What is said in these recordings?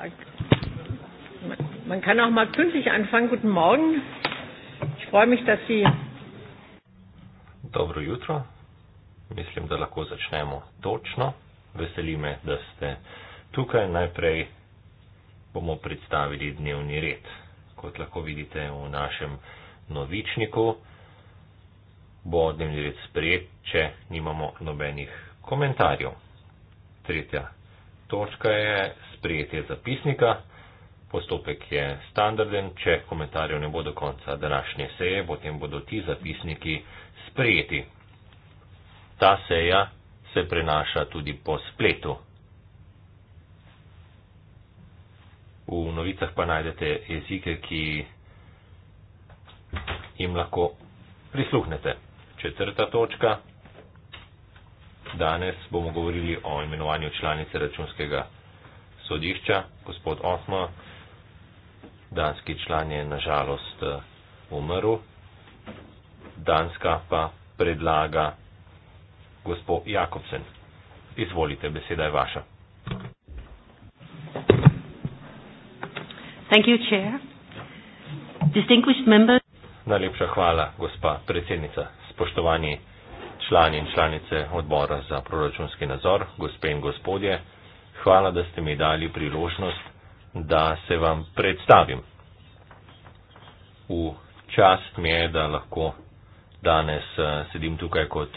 Tag. Man kann auch mal pünktlich anfangen. Guten Morgen. Ich freue mich, dass Sie. Dobro jutro. Mislim, da lahko začnemo točno. Veseli me, da ste tukaj. Najprej bomo predstavili dnevni red. Kot lahko vidite v našem novičniku, bo dnevni red sprejet, če nimamo nobenih komentarjev. Tretja točka je sprejetje zapisnika. Postopek je standarden. Če komentarjev ne bo do konca današnje seje, potem bodo ti zapisniki sprejeti. Ta seja se prenaša tudi po spletu. V novicah pa najdete jezike, ki jim lahko prisluhnete. Četrta točka. Danes bomo govorili o imenovanju članice računskega sodišča, gospod Osmo. Danski član je nažalost eh, umrl. Danska pa predlaga gospod Jakobsen. Izvolite, beseda je vaša. You, Najlepša hvala, gospa predsednica. Spoštovani člani in članice odbora za proračunski nazor, gospe in gospodje, hvala, da ste mi dali priložnost, da se vam predstavim. V čast mi je, da lahko danes eh, sedim tukaj kot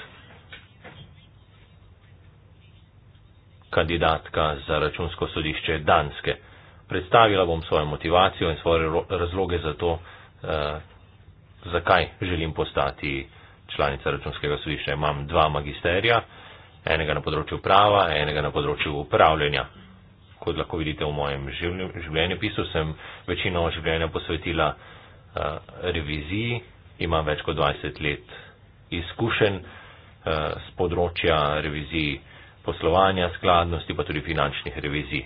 kandidatka za računsko sodišče Danske. Predstavila bom svojo motivacijo in svoje razloge za to, eh, zakaj želim postati kandidatka članica računskega sodišča, imam dva magisterija, enega na področju prava, enega na področju upravljanja. Kot lahko vidite v mojem življenjepisu, sem večino življenja posvetila uh, reviziji, imam več kot 20 let izkušen uh, eh, z področja reviziji poslovanja, skladnosti, pa tudi finančnih revizij.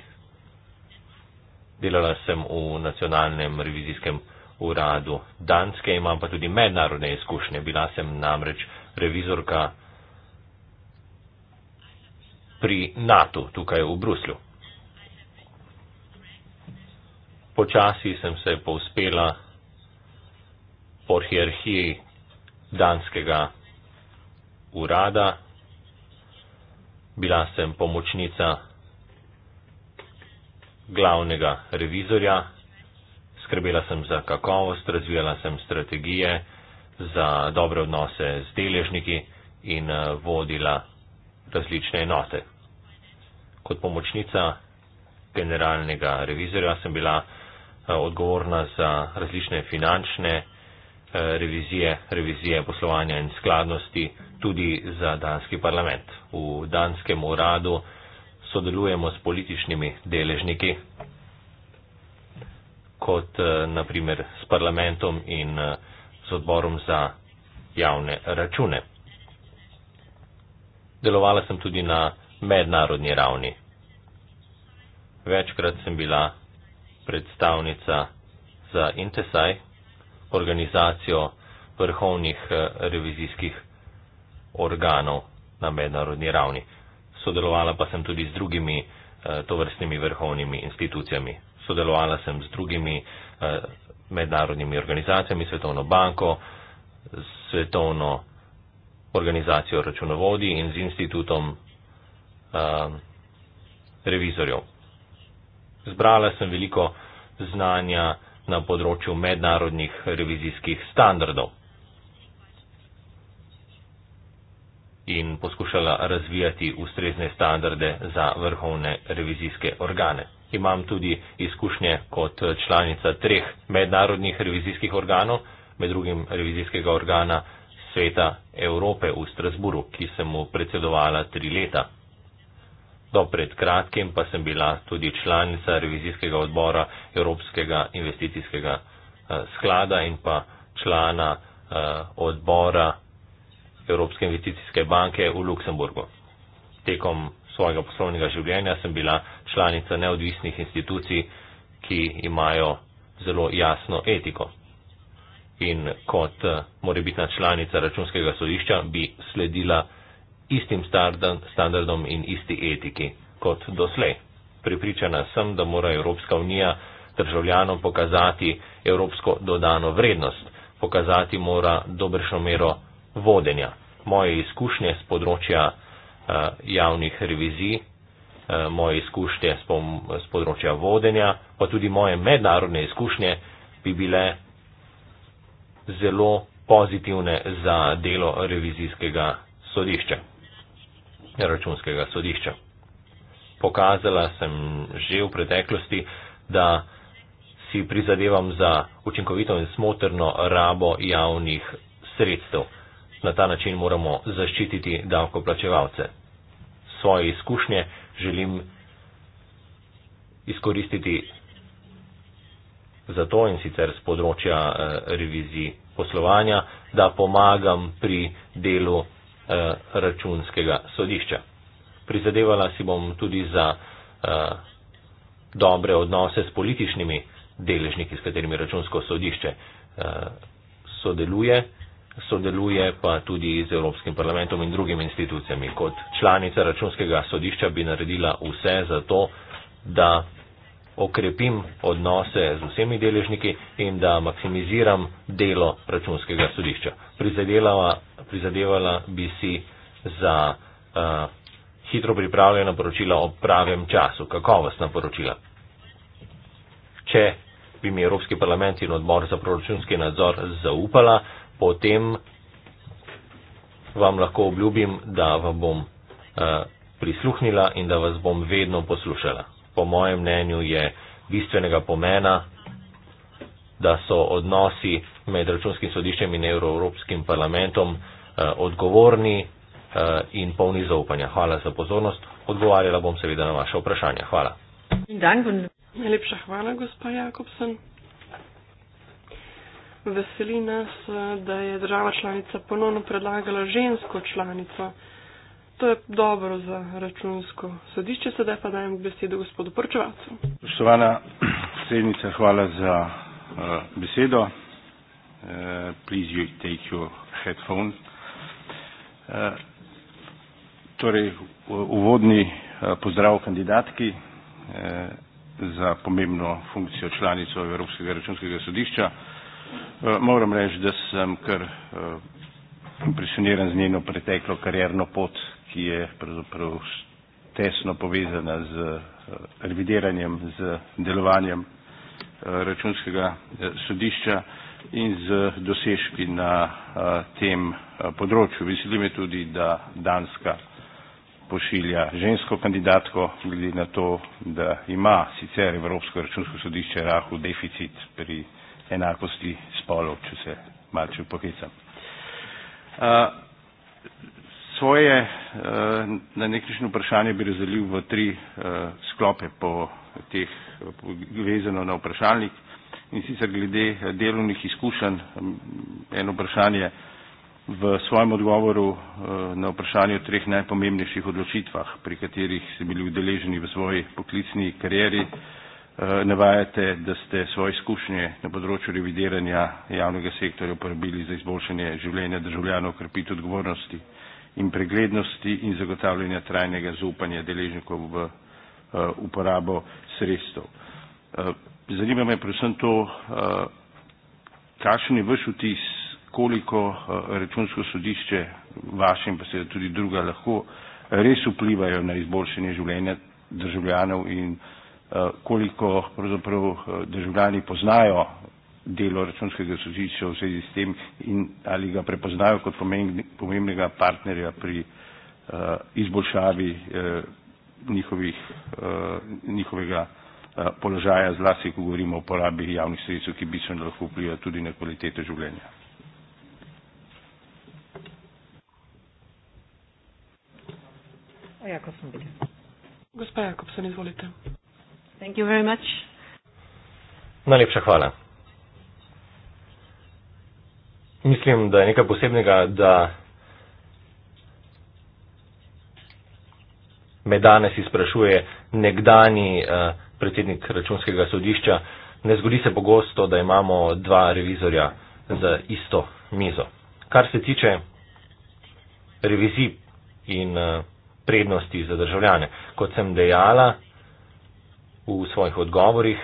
Delala sem v nacionalnem revizijskem področju uradu Danske, imam pa tudi mednarodne izkušnje. Bila sem namreč revizorka pri NATO tukaj v Bruslju. Počasi sem se povspela po hierarhiji Danskega urada. Bila sem pomočnica glavnega revizorja skrbela sem za kakovost, razvijala sem strategije za dobre odnose z deležniki in eh, vodila različne enote. Kot pomočnica generalnega revizorja sem bila eh, odgovorna za različne finančne eh, revizije, revizije poslovanja in skladnosti tudi za danski parlament. V danskem uradu sodelujemo s političnimi deležniki, kot eh, naprimer s parlamentom in eh, z odborom za javne račune. Delovala sem tudi na mednarodni ravni. Večkrat sem bila predstavnica za Intesaj, organizacijo vrhovnih eh, revizijskih organov na mednarodni ravni. Sodelovala pa sem tudi z drugimi tovrstnimi vrhovnimi institucijami sodelovala sem z drugimi eh, mednarodnimi organizacijami, Svetovno banko, Svetovno organizacijo računovodij in z institutom eh, revizorjev. Zbrala sem veliko znanja na področju mednarodnih revizijskih standardov in poskušala razvijati ustrezne standarde za vrhovne revizijske organe imam tudi izkušnje kot članica treh mednarodnih revizijskih organov, med drugim revizijskega organa Sveta Evrope v Strasburu, ki sem mu predsedovala tri leta. Do pred kratkim pa sem bila tudi članica revizijskega odbora Evropskega investicijskega eh, sklada in pa člana eh, odbora Evropske investicijske banke v Luksemburgu. Tekom svojega poslovnega življenja sem bila članica neodvisnih institucij, ki imajo zelo jasno etiko. In kot eh, morebitna članica računskega sodišča bi sledila istim standardom in isti etiki kot doslej. Pripričana sem, da mora Evropska unija državljanom pokazati evropsko dodano vrednost, pokazati mora dobršno mero vodenja. Moje izkušnje z področja Eh, javnih revizij, eh, moje izkušnje s področja vodenja, pa tudi moje mednarodne izkušnje bi bile zelo pozitivne za delo revizijskega sodišča, računskega sodišča. Pokazala sem že v preteklosti, da si prizadevam za učinkovito in smotrno rabo javnih sredstev. Na ta način moramo zaščititi davkoplačevalce svoje izkušnje, želim izkoristiti za to in sicer z področja eh, revizij poslovanja, da pomagam pri delu eh, računskega sodišča. Prizadevala si bom tudi za eh, dobre odnose s političnimi deležniki, s katerimi računsko sodišče sodeluje sodeluje pa tudi z Evropskim parlamentom in drugimi institucijami. Kot članica računskega sodišča bi naredila vse za to, da okrepim odnose z vsemi deležniki in da maksimiziram delo računskega sodišča. Prizadevala bi si za uh, hitro pripravljena poročila ob pravem času, kakovostna poročila. Če bi mi Evropski parlament in odbor za proračunski nadzor zaupala, potem vam lahko obljubim, da vam bom uh, prisluhnila in da vas bom vedno poslušala. Po mojem mnenju je bistvenega pomena, da so odnosi med računskim sodiščem in Evropskim parlamentom uh, odgovorni uh, in polni zaupanja. Hvala za pozornost. Odgovarjala bom seveda na vaše vprašanje. Hvala. Najlepša hvala, gospod Jakobsen. Veseli nas, da je država članica ponovno predlagala žensko članico. To je dobro za računsko sodišče, sedaj pa dajem besedo gospodu Prčevacu. Spoštovana sednica, hvala za uh, besedo. Uh, please you take your headphone. Uh, eh, torej, uvodni uh, pozdrav kandidatki uh, za pomembno funkcijo članico Evropskega računskega sodišča. Uh, Eh, moram reči, da sem kar eh, impresioniran z njeno preteklo karjerno pot, ki je pravzaprav tesno povezana z eh, revidiranjem, z delovanjem računskega sodišča in z dosežki na tem področju. Veseli me tudi, da Danska pošilja žensko kandidatko, glede na to, da ima sicer Evropsko računsko sodišče rahu deficit pri enakosti spolov, če se malce upohecam. Svoje na nek način vprašanje bi razdelil v tri sklope po teh vezano na vprašalnik in sicer glede delovnih izkušenj. Eno vprašanje v svojem odgovoru na vprašanje o treh najpomembnejših odločitvah, pri katerih ste bili udeleženi v svoji poklicni karieri. Eh, navajate, da ste svoje izkušnje na področju revidiranja javnega sektorja uporabili za izboljšanje življenja državljanov, krepitev odgovornosti in preglednosti in zagotavljanja trajnega zaupanja deležnikov v eh, uporabo sredstev. Eh, zanima me predvsem to, kakšen je vaš vtis, koliko računsko sodišče vaše in pa seveda tudi druga lahko res vplivajo na izboljšanje življenja državljanov in Eh, koliko pravzaprav eh, državljani poznajo delo računskega sodišča v zvezi s tem in ali ga prepoznajo kot pomembnega partnerja pri eh, izboljšavi njihovih, njihovega položaja, zlasti ko govorimo o porabi javnih sredstev, ki bistveno lahko vpliva tudi na kvalitete življenja. Gospa Jakobson, izvolite. Thank you very much. Najlepša hvala. Mislim, da je nekaj posebnega, da me danes izprašuje nekdani eh, predsednik računskega sodišča. Ne zgodi se pogosto, da imamo dva revizorja za isto mizo. Kar se tiče revizij in eh, prednosti za državljane, kot sem dejala, v svojih odgovorih,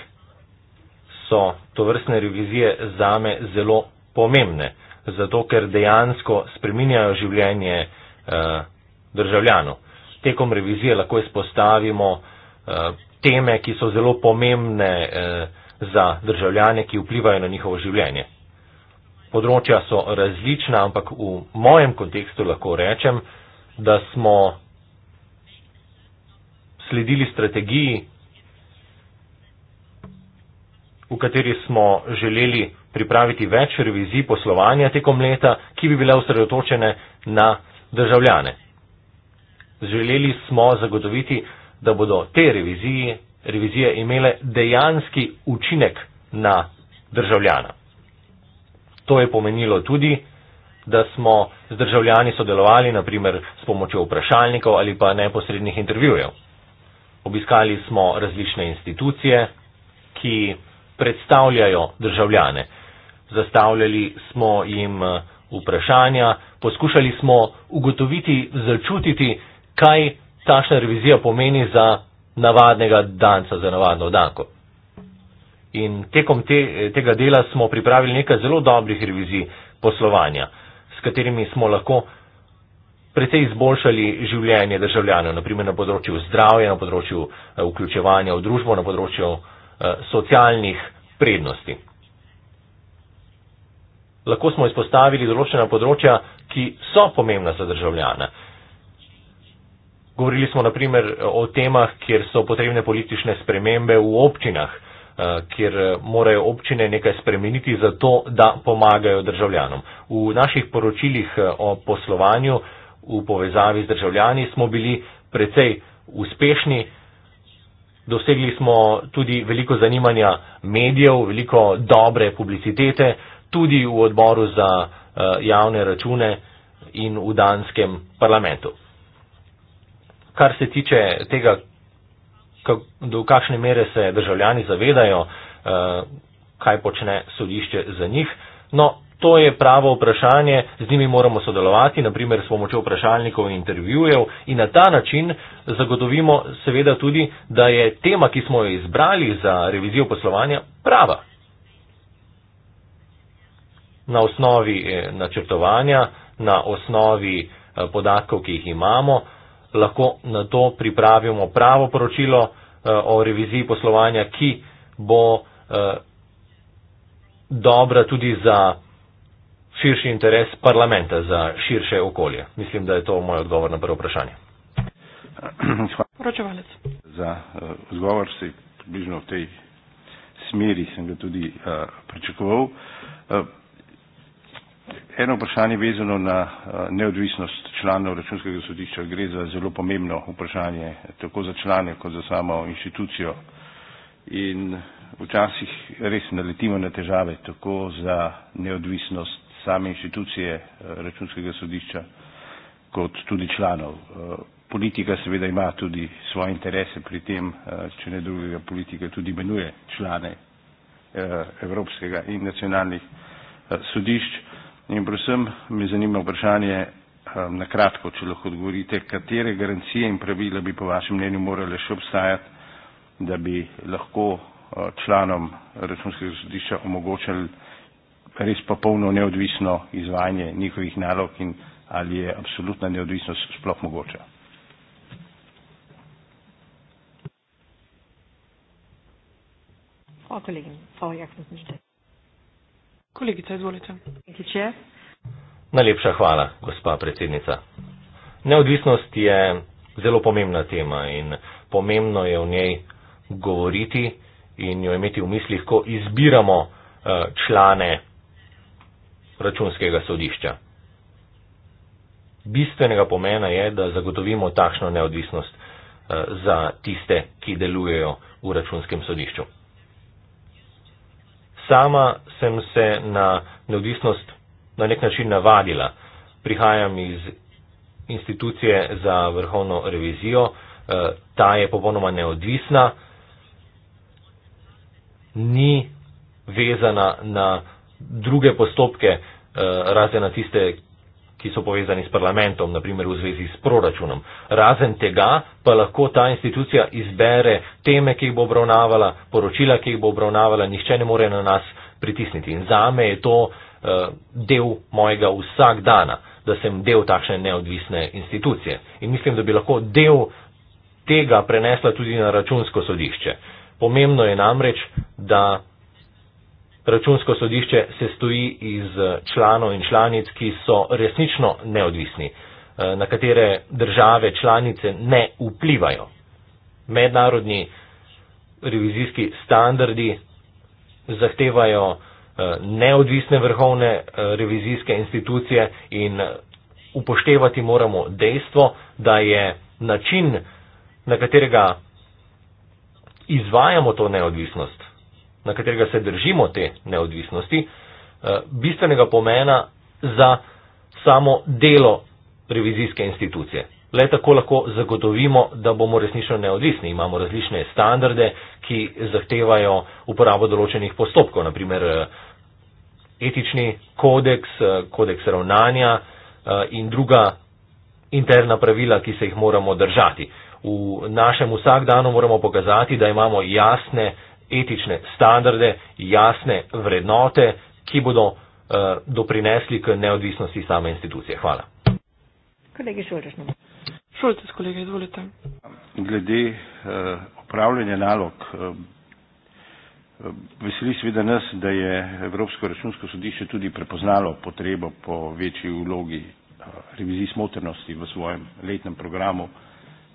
so to vrstne revizije zame zelo pomembne, zato ker dejansko spreminjajo življenje eh, državljanov. Tekom revizije lahko izpostavimo eh, teme, ki so zelo pomembne eh, za državljane, ki vplivajo na njihovo življenje. Področja so različna, ampak v mojem kontekstu lahko rečem, da smo sledili strategiji v kateri smo želeli pripraviti več revizij poslovanja tekom leta, ki bi bile usredotočene na državljane. Želeli smo zagotoviti, da bodo te revizije, revizije imele dejanski učinek na državljana. To je pomenilo tudi, da smo z državljani sodelovali, naprimer s pomočjo vprašalnikov ali pa neposrednih intervjujev. Obiskali smo različne institucije, ki predstavljajo državljane. Zastavljali smo jim eh, vprašanja, poskušali smo ugotoviti, začutiti, kaj tašna revizija pomeni za navadnega danca, za navadno danko. In tekom te, eh, tega dela smo pripravili nekaj zelo dobrih revizij poslovanja, s katerimi smo lahko precej izboljšali življenje državljanov, naprimer na področju zdravja, na področju eh, vključevanja v družbo, na področju uh, Eh, socialnih prednosti. Lahko smo izpostavili določena področja, ki so pomembna za državljana. Govorili smo naprimer o temah, kjer so potrebne politične spremembe v občinah, eh, kjer morajo občine nekaj spremeniti za to, da pomagajo državljanom. V naših poročilih eh, o poslovanju v povezavi z državljani smo bili precej uspešni dosegli smo tudi veliko zanimanja medijev, veliko dobre publicitete, tudi v odboru za eh, javne račune in v danskem parlamentu. Kar se tiče tega, do kakšne mere se državljani zavedajo, eh, kaj počne sodišče za njih, no, To je pravo vprašanje, z njimi moramo sodelovati, naprimer s pomočjo vprašalnikov in intervjujev in na ta način zagotovimo seveda tudi, da je tema, ki smo jo izbrali za revizijo poslovanja, prava. Na osnovi eh, načrtovanja, na osnovi eh, podatkov, ki jih imamo, lahko na to pripravimo pravo poročilo eh, o reviziji poslovanja, ki bo dobra tudi za širši interes parlamenta za širše okolje? Mislim, da je to moj odgovor na prvo vprašanje. Hvala. Za odgovor eh, se približno v tej smeri sem ga tudi uh, pričakoval. Uh, eno vprašanje vezano na uh, neodvisnost članov računskega sodišča gre za zelo pomembno vprašanje, tako za člane kot za samo inštitucijo. In včasih res naletimo na težave, tako za neodvisnost same inštitucije eh, računskega sodišča kot tudi članov. Eh, politika seveda ima tudi svoje interese pri tem, eh, če ne drugega, politika tudi imenuje člane evropskega in nacionalnih sodišč. In prosim, me zanima vprašanje na kratko, če lahko odgovorite, katere garancije in pravila bi po vašem mnenju morale še obstajati, da bi lahko članom računskega sodišča omogočali res pa polno neodvisno izvajanje njihovih nalog in ali je absolutna neodvisnost sploh mogoča. Hvala, kolegin. Hvala, jak sem se Kolegica, izvolite. Najlepša hvala, gospa predsednica. Neodvisnost je zelo pomembna tema in pomembno je o njej govoriti in jo imeti v mislih, ko izbiramo eh, člane računskega sodišča. Bistvenega pomena je, da zagotovimo takšno neodvisnost eh, za tiste, ki delujejo v računskem sodišču. Sama sem se na neodvisnost na nek način navadila. Prihajam iz institucije za vrhovno revizijo, eh, ta je popolnoma neodvisna, ni vezana na druge postopke, eh, razen na tiste, ki so povezani s parlamentom, naprimer v zvezi s proračunom. Razen tega pa lahko ta institucija izbere teme, ki jih bo obravnavala, poročila, ki jih bo obravnavala, nihče ne more na nas pritisniti. In zame je to eh, del mojega vsak dana, da sem del takšne neodvisne institucije. In mislim, da bi lahko del tega prenesla tudi na računsko sodišče. Pomembno je namreč, da Računsko sodišče se stoji iz eh, članov in članic, ki so resnično neodvisni, eh, na katere države članice ne vplivajo. Mednarodni revizijski standardi zahtevajo eh, neodvisne vrhovne revizijske institucije in upoštevati moramo dejstvo, da je način, na katerega izvajamo to neodvisnost, na katerega se držimo te neodvisnosti, eh, bistvenega pomena za samo delo revizijske institucije. Le tako lahko zagotovimo, da bomo resnično neodvisni. Imamo različne standarde, ki zahtevajo uporabo določenih postopkov, naprimer eh, etični kodeks, eh, kodeks ravnanja in druga interna pravila, ki se jih moramo držati. V našem vsakdanu moramo pokazati, da imamo jasne etične standarde, jasne vrednote, ki bodo eh, doprinesli k neodvisnosti same institucije. Hvala. Kolegi Šulčešnjem. No. Šulčeš, kolegi, izvolite. Glede eh, upravljanja nalog. Eh, eh, Veseli seveda nas, da je Evropsko računsko sodišče tudi prepoznalo potrebo po večji vlogi eh, revizij smotrnosti v svojem letnem programu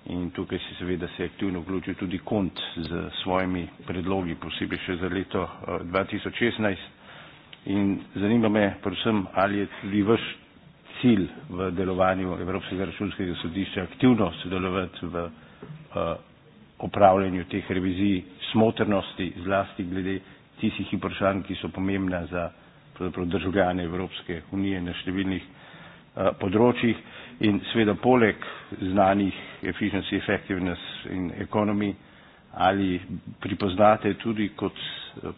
In tukaj si seveda se je aktivno vključil tudi kont z svojimi predlogi, posebej še za leto 2016. Eh, In zanima me predvsem, ali je tudi vaš cilj v delovanju Evropskega računskega sodišča aktivno sodelovati v eh, opravljanju teh revizij smotrnosti, zlasti glede tistih vprašanj, ki so pomembna za državljane Evropske unije na številnih eh, področjih in seveda poleg znanih efficiency, effectiveness in economy, ali pripoznate tudi kot eh,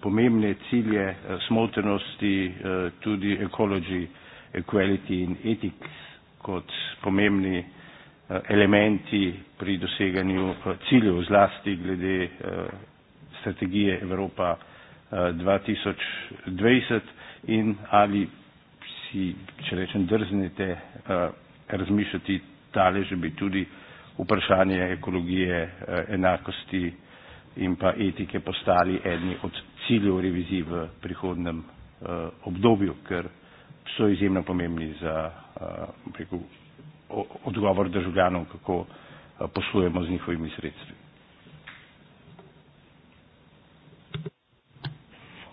pomembne cilje eh, smotrnosti eh, tudi ecology, equality in ethics kot pomembni elementi pri doseganju ciljev zlasti glede strategije Evropa 2020 in ali si, če rečem, drznete razmišljati, tale že bi tudi vprašanje ekologije, eh, enakosti in pa etike postali eni od ciljev revizij v prihodnem eh, obdobju, ker so izjemno pomembni za preko, eh, odgovor državljanov, kako poslujemo z njihovimi sredstvi.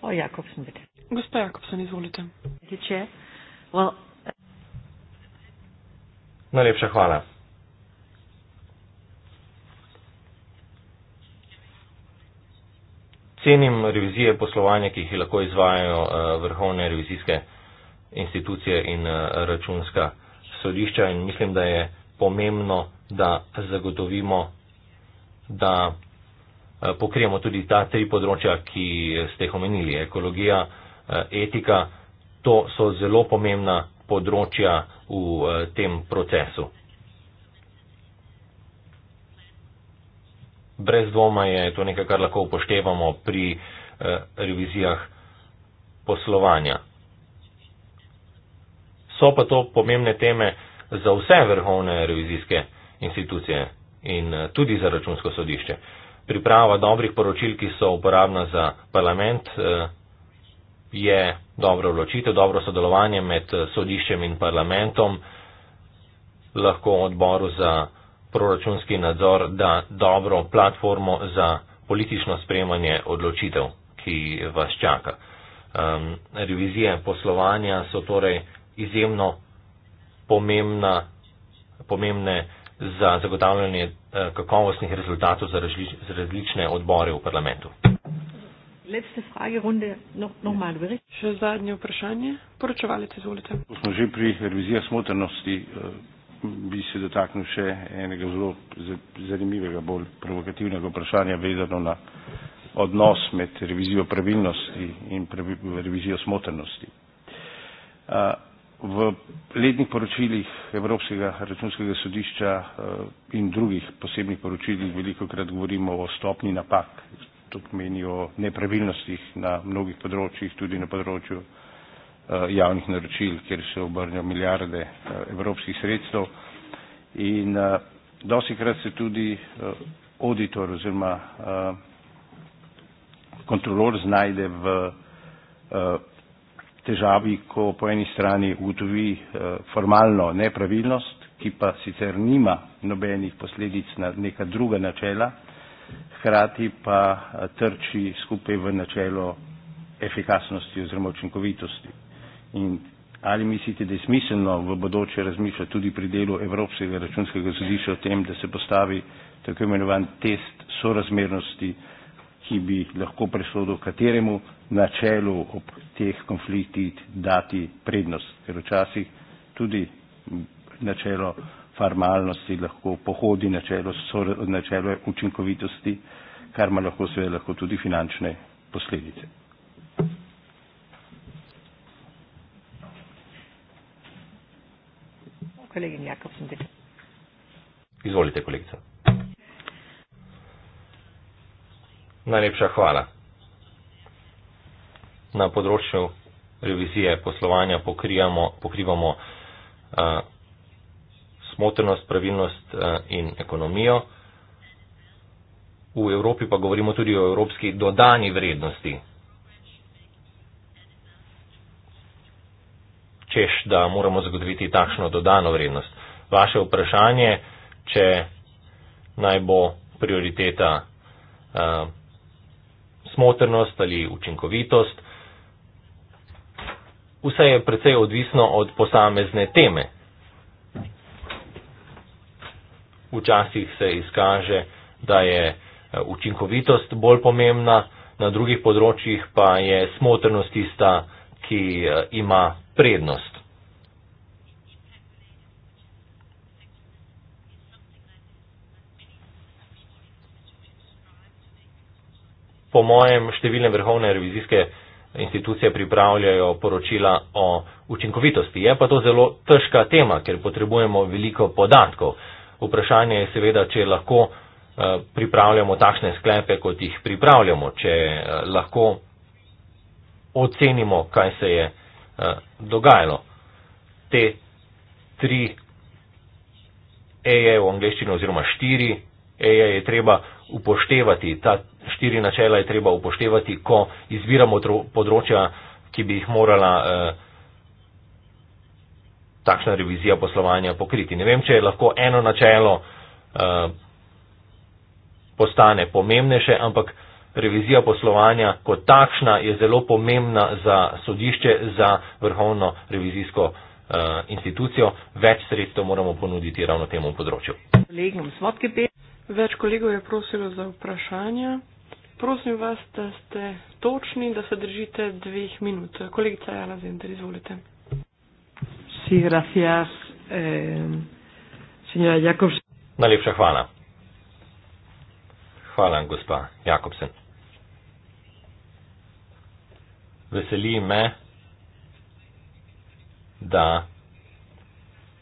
O, Jakobsen, Gospa Jakobsen, izvolite. Če, well, Najlepša hvala. Cenim revizije poslovanja, ki jih lahko izvajajo eh, vrhovne revizijske institucije in eh, računska sodišča in mislim, da je pomembno, da zagotovimo, da eh, pokrijemo tudi ta tri področja, ki ste jih omenili, ekologija, etika, to so zelo pomembna področja v eh, tem procesu. Brez dvoma je to nekaj, kar lahko upoštevamo pri eh, revizijah poslovanja. So pa to pomembne teme za vse vrhovne revizijske institucije in eh, tudi za računsko sodišče. Priprava dobrih poročil, ki so uporabna za parlament, je dobro vločitev, dobro sodelovanje med eh, sodiščem in parlamentom, lahko odboru za proračunski nadzor da dobro platformo za politično spremanje odločitev, ki vas čaka. Um, revizije poslovanja so torej izjemno pomembna, pomembne za zagotavljanje eh, kakovostnih rezultatov za različne odbore v parlamentu. Še zadnje vprašanje. Poročevalec, izvolite. Ko smo že pri revizijah smotrnosti, eh, bi se dotaknil še enega zelo zanimivega, bolj provokativnega vprašanja, vezano na odnos med revizijo pravilnosti in revizijo smotrnosti. Eh, v letnih poročilih Evropskega računskega sodišča eh, in drugih posebnih poročilih veliko krat govorimo o stopni napak, to pomeni o nepravilnostih na mnogih področjih, tudi na področju uh, javnih naročil, kjer se obrnijo milijarde uh, evropskih sredstev. In uh, eh, dosikrat se tudi uh, auditor oziroma uh, kontrolor znajde v uh, težavi, ko po eni strani ugotovi uh, formalno nepravilnost, ki pa sicer nima nobenih posledic na neka druga načela, hkrati pa eh, trči skupaj v načelo efikasnosti oziroma učinkovitosti. In ali mislite, da je smiselno v bodoče razmišljati tudi pri delu Evropskega računskega sodišča o tem, da se postavi tako imenovan test sorazmernosti, ki bi lahko presodil, kateremu načelu ob teh konfliktih dati prednost. Ker včasih tudi načelo formalnosti lahko pohodi načelo, načelo učinkovitosti, kar ima lahko seveda lahko tudi finančne posledice. Kolegin Jakobsen, dete. Izvolite, kolegica. Najlepša hvala. Na področju revizije poslovanja pokrivamo, pokrivamo uh, smotrnost, pravilnost eh, in ekonomijo. V Evropi pa govorimo tudi o evropski dodani vrednosti. Češ, da moramo zagotoviti takšno dodano vrednost. Vaše vprašanje, če naj bo prioriteta uh, smotrnost ali učinkovitost, vse je precej odvisno od posamezne teme. včasih se izkaže, da je eh, učinkovitost bolj pomembna, na drugih področjih pa je smotrnost tista, ki eh, ima prednost. Po mojem številne vrhovne revizijske institucije pripravljajo poročila o učinkovitosti. Je pa to zelo težka tema, ker potrebujemo veliko podatkov. Vprašanje je seveda, če lahko eh, pripravljamo takšne sklepe, kot jih pripravljamo, če eh, lahko ocenimo, kaj se je eh, dogajalo. Te tri eje v angleščini oziroma štiri eje je treba upoštevati, ta štiri načela je treba upoštevati, ko izbiramo področja, ki bi jih morala. Eh, takšna revizija poslovanja pokriti. Ne vem, če je lahko eno načelo eh, postane pomembnejše, ampak revizija poslovanja kot takšna je zelo pomembna za sodišče, za vrhovno revizijsko eh, institucijo. Več sredstev moramo ponuditi ravno temu področju. Več kolegov je prosilo za vprašanja. Prosim vas, da ste točni, da se držite dveh minut. Kolegica Jana Zender, izvolite. Sí, gracias, eh, señora Jacobsen. Najlepša hvala. Hvala, gospa Jakobsen. Veseli me, da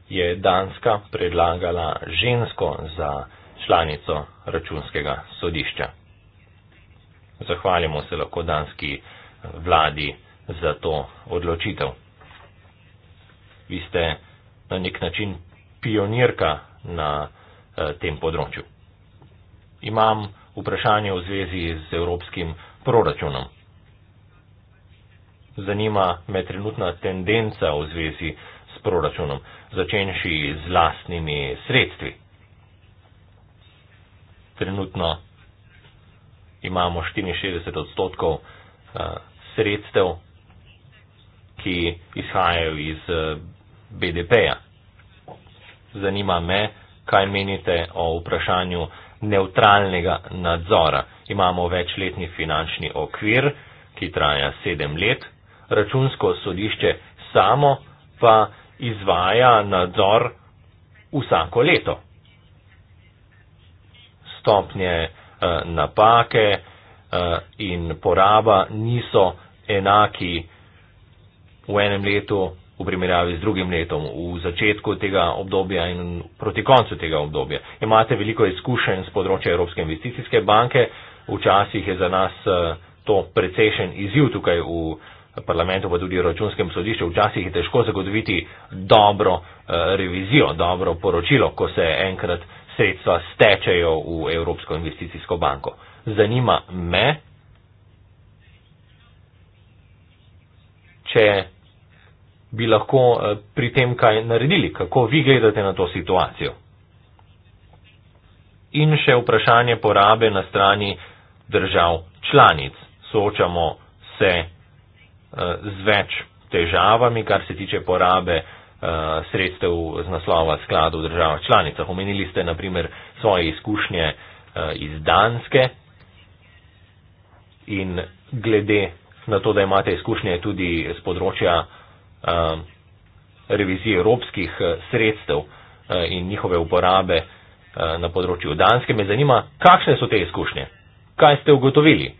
je Danska predlagala žensko za članico računskega sodišča. Zahvaljamo se lahko danski vladi za to odločitev vi ste na nek način pionirka na eh, tem področju. Imam vprašanje v zvezi z evropskim proračunom. Zanima me trenutna tendenca v zvezi s proračunom, začenši z lastnimi sredstvi. Trenutno imamo 64 odstotkov eh, sredstev, ki izhajajo iz eh, BDP-ja. Zanima me, kaj menite o vprašanju neutralnega nadzora. Imamo večletni finančni okvir, ki traja sedem let, računsko sodišče samo pa izvaja nadzor vsako leto. Stopnje eh, napake eh, in poraba niso enaki v enem letu v primerjavi z drugim letom, v začetku tega obdobja in proti koncu tega obdobja. Imate veliko izkušenj z področja Evropske investicijske banke, včasih je za nas eh, to precejšen izziv tukaj v parlamentu, pa tudi v računskem sodišču, včasih je težko zagotoviti dobro eh, revizijo, dobro poročilo, ko se enkrat sredstva stečejo v Evropsko investicijsko banko. Zanima me, če bi lahko eh, pri tem kaj naredili, kako vi gledate na to situacijo. In še vprašanje porabe na strani držav članic. Soočamo se eh, z več težavami, kar se tiče porabe eh, sredstev z naslova skladov držav članic. Omenili ste naprimer svoje izkušnje iz Danske in glede na to, da imate izkušnje tudi z področja Um, revizije evropskih uh, sredstev uh, in njihove uporabe uh, na področju Danske. Me zanima, kakšne so te izkušnje? Kaj ste ugotovili?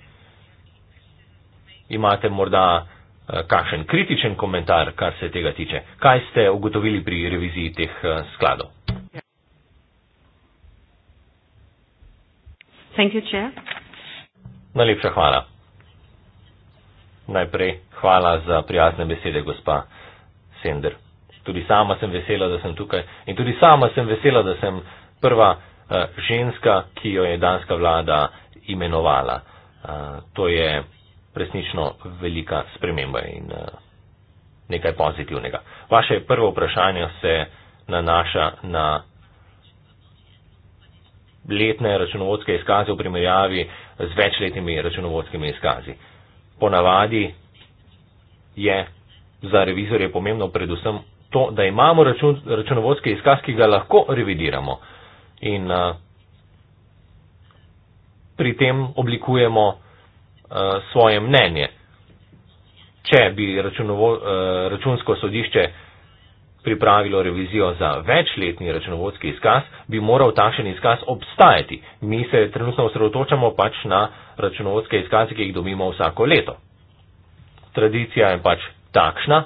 Imate morda kakšen kritičen komentar, kar se tega tiče? Kaj ste ugotovili pri reviziji teh skladov? Najlepša hvala najprej hvala za prijazne besede, gospa Sender. Tudi sama sem vesela, da sem tukaj in tudi sama sem vesela, da sem prva uh, ženska, ki jo je danska vlada imenovala. Uh, to je resnično velika sprememba in uh, nekaj pozitivnega. Vaše prvo vprašanje se nanaša na letne računovodske izkaze v primerjavi z večletnimi računovodskimi izkazi. Uh, ponavadi je za revizorje pomembno predvsem to, da imamo račun, računovodski izkaz, ki ga lahko revidiramo. In a, eh, pri tem oblikujemo a, eh, svoje mnenje. Če bi računovo, a, eh, računsko sodišče a, pripravilo revizijo za večletni računovodski izkaz, bi moral takšen izkaz obstajati. Mi se trenutno osredotočamo pač na računovodske izkaze, ki jih dobimo vsako leto. Tradicija je pač takšna,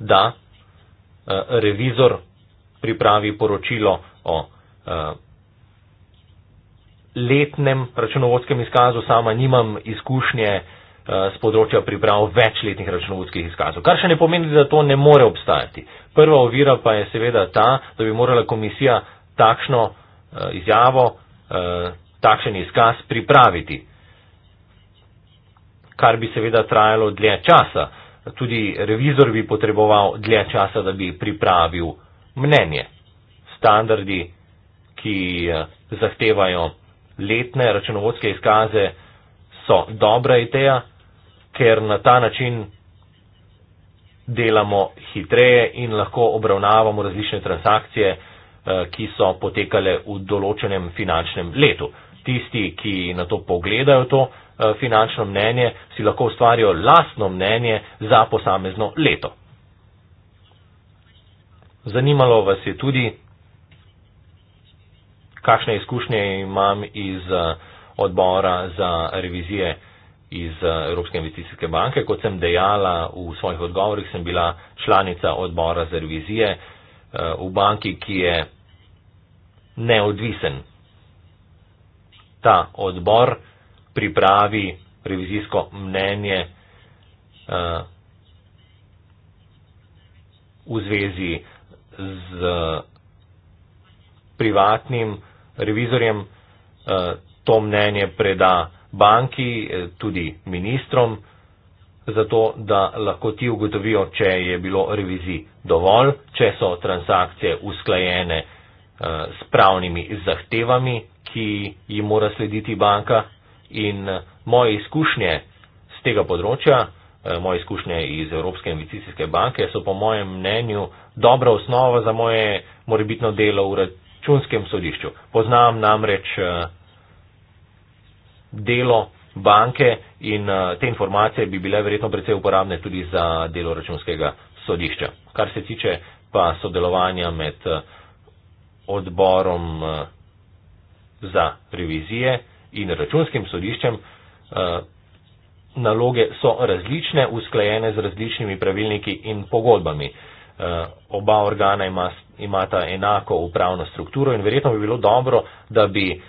da eh, revizor pripravi poročilo o eh, letnem računovodskem izkazu. Sama nimam izkušnje z eh, področja priprav večletnih računovodskih izkazov. Kar še ne pomeni, da to ne more obstajati. Prva ovira pa je seveda ta, da bi morala komisija takšno eh, izjavo, eh, takšen izkaz pripraviti, kar bi seveda trajalo dlje časa. Tudi revizor bi potreboval dlje časa, da bi pripravil mnenje. Standardi, ki zahtevajo letne računovodske izkaze, so dobra ideja, ker na ta način delamo hitreje in lahko obravnavamo različne transakcije, eh, ki so potekale v določenem finančnem letu. Tisti, ki na to pogledajo to eh, finančno mnenje, si lahko ustvarijo lastno mnenje za posamezno leto. Zanimalo vas je tudi, kakšne izkušnje imam iz eh, odbora za revizije iz eh, Evropske investicijske banke. Kot sem dejala v svojih odgovorih, sem bila članica odbora za revizije eh, v banki, ki je neodvisen. Ta odbor pripravi revizijsko mnenje eh, v zvezi z privatnim revizorjem. To mnenje preda banki, eh, tudi ministrom, zato da lahko ti ugotovijo, če je bilo revizij dovolj, če so transakcije usklajene eh, s pravnimi zahtevami, ki jim mora slediti banka. In eh, moje izkušnje z tega področja, moje izkušnje iz Evropske investicijske banke so po mojem mnenju dobra osnova za moje morebitno delo v računskem sodišču. Poznam namreč delo banke in eh, te informacije bi bile verjetno precej uporabne tudi za delo računskega sodišča. Kar se tiče pa sodelovanja med eh, odborom eh, za revizije in računskim sodiščem, naloge so različne, usklajene z različnimi pravilniki in pogodbami. Oba organa ima, imata enako upravno strukturo in verjetno bi bilo dobro, da bi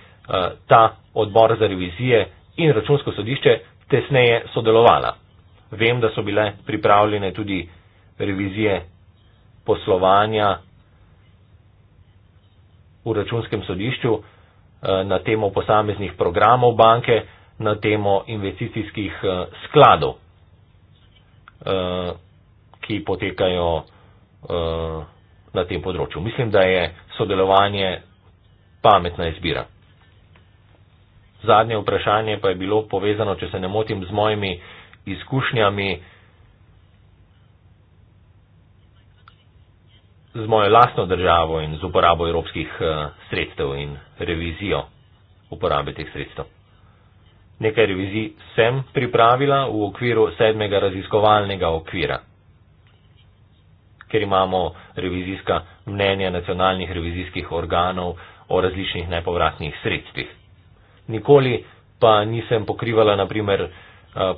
ta odbor za revizije in računsko sodišče tesneje sodelovala. Vem, da so bile pripravljene tudi revizije poslovanja v računskem sodišču eh, na temo posameznih programov banke, na temo investicijskih eh, skladov, eh, ki potekajo na tem področju. Mislim, da je sodelovanje pametna izbira. Zadnje vprašanje pa je bilo povezano, če se ne motim, z mojimi izkušnjami, z mojo lastno državo in z uporabo evropskih eh, sredstev in revizijo uporabe teh sredstev. Nekaj revizij sem pripravila v okviru sedmega raziskovalnega okvira, ker imamo revizijska mnenja nacionalnih revizijskih organov o različnih nepovratnih sredstvih nikoli pa nisem pokrivala, naprimer, eh,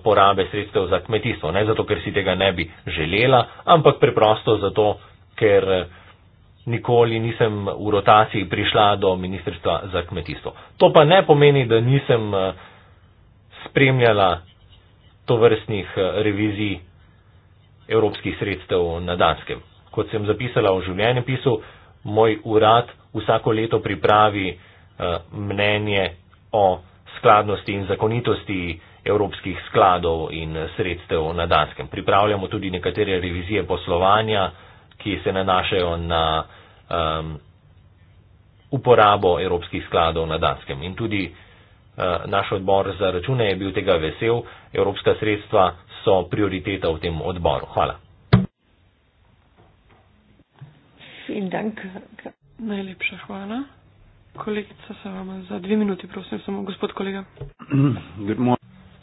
porabe sredstev za kmetijstvo. Ne zato, ker si tega ne bi želela, ampak preprosto zato, ker eh, nikoli nisem v rotaciji prišla do Ministrstva za kmetijstvo. To pa ne pomeni, da nisem eh, spremljala tovrstnih revizij evropskih sredstev na Danskem. Kot sem zapisala v življenjepisu, moj urad vsako leto pripravi mnenje o skladnosti in zakonitosti evropskih skladov in sredstev na Danskem. Pripravljamo tudi nekatere revizije poslovanja, ki se nanašajo na um, uporabo evropskih skladov na Danskem. In tudi uh, naš odbor za račune je bil tega vesel. Evropska sredstva so prioriteta v tem odboru. Hvala. Najlepša hvala. Kolegica, se vam za dve minuti, prosim, samo gospod kolega.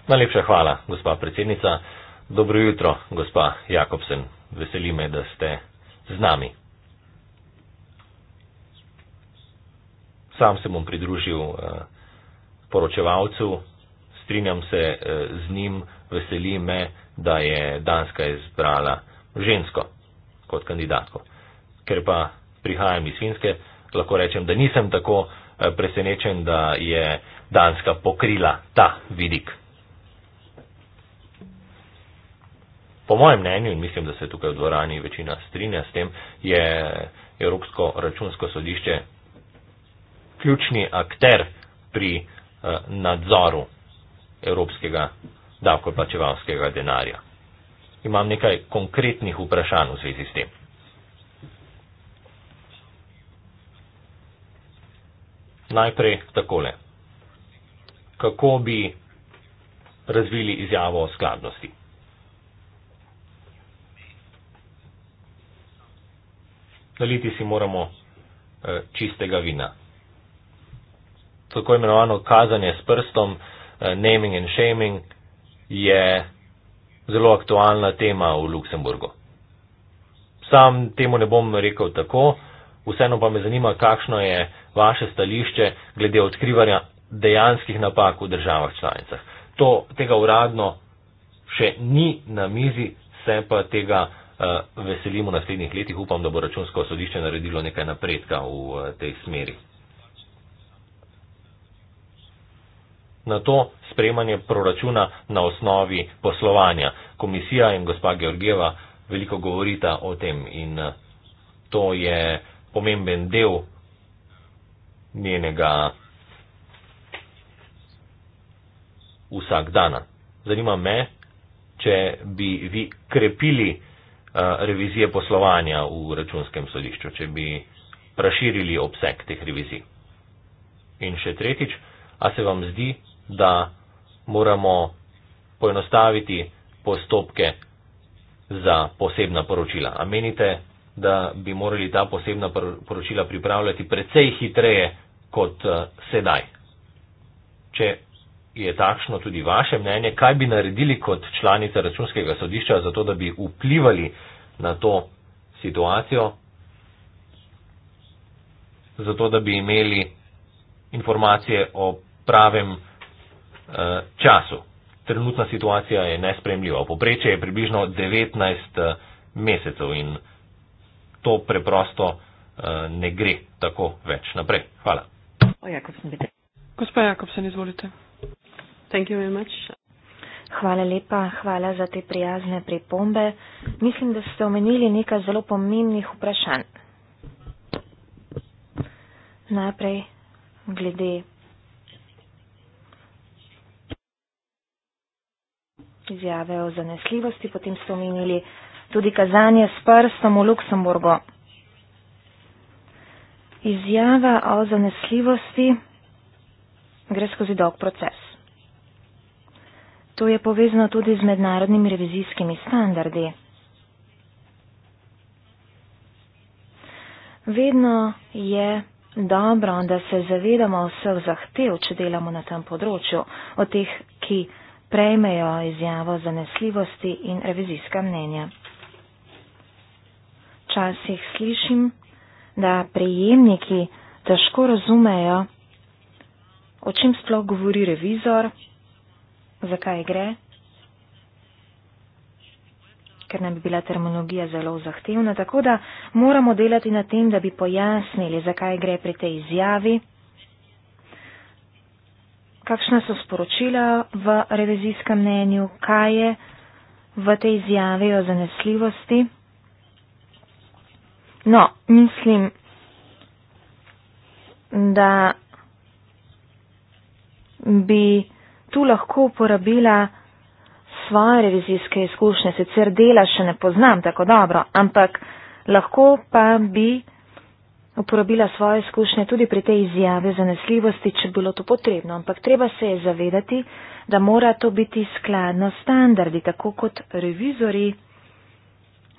Najlepša hvala, gospa predsednica. Dobro jutro, gospa Jakobsen. Veseli me, da ste z nami. Sam se bom pridružil eh, poročevalcu, strinjam se eh, z njim, veseli me, da je Danska izbrala žensko kot kandidatko. Ker pa prihajam iz Finske, lahko rečem, da nisem tako eh, presenečen, da je Danska pokrila ta vidik. Po mojem mnenju, in mislim, da se tukaj v dvorani večina strinja s tem, je Evropsko računsko sodišče ključni akter pri eh, nadzoru evropskega davkoplačevalskega denarja. Imam nekaj konkretnih vprašanj v zvezi s tem. najprej takole. Kako bi razvili izjavo o skladnosti? Naliti si moramo eh, čistega vina. Tako imenovano kazanje s prstom, eh, naming and shaming, je zelo aktualna tema v Luksemburgu. Sam temu ne bom rekel tako, Vseeno pa me zanima, kakšno je vaše stališče glede odkrivanja dejanskih napak v državah članicah. To tega uradno še ni na mizi, se pa tega uh, veselimo v naslednjih letih. Upam, da bo računsko sodišče naredilo nekaj napredka v uh, tej smeri. Na to spremanje proračuna na osnovi poslovanja. Komisija in gospa Georgieva veliko govorita o tem in uh, to je pomemben del njenega vsakdana. Zanima me, če bi vi krepili eh, revizije poslovanja v računskem sodišču, če bi raširili obseg teh revizij. In še tretjič, a se vam zdi, da moramo poenostaviti postopke za posebna poročila? A menite, da bi morali ta posebna poročila pripravljati precej hitreje kot eh, sedaj. Če je takšno tudi vaše mnenje, kaj bi naredili kot članica računskega sodišča za to, da bi vplivali na to situacijo, za to, da bi imeli informacije o pravem eh, času. Trenutna situacija je nespremljiva. Poprečje je približno 19 eh, mesecev in to preprosto uh, ne gre tako več naprej. Hvala. Gospa Jakobsen, izvolite. Hvala lepa, hvala za te prijazne pripombe. Mislim, da ste omenili nekaj zelo pomembnih vprašanj. Najprej glede. Izjave o zanesljivosti, potem ste omenili uh, tudi kazanje s prstom v Luksemburgu. Izjava o zanesljivosti gre skozi dolg proces. To je povezano tudi z mednarodnimi revizijskimi standardi. Vedno je dobro, da se zavedamo vseh zahtev, če delamo na tem področju, od teh, ki prejmejo izjavo zanesljivosti in revizijska mnenja včasih slišim, da prejemniki težko razumejo, o čem sploh govori revizor, zakaj gre, ker nam bi bila terminologija zelo zahtevna, tako da moramo delati na tem, da bi pojasnili, zakaj gre pri tej izjavi, kakšna so sporočila v revizijskem mnenju, kaj je v tej izjavi o zanesljivosti. No, mislim, da bi tu lahko uporabila svoje revizijske izkušnje, sicer dela še ne poznam tako dobro, ampak lahko pa bi uporabila svoje izkušnje tudi pri tej izjavi zanesljivosti, če bilo to potrebno. Ampak treba se je zavedati, da mora to biti skladno standardi, tako kot revizori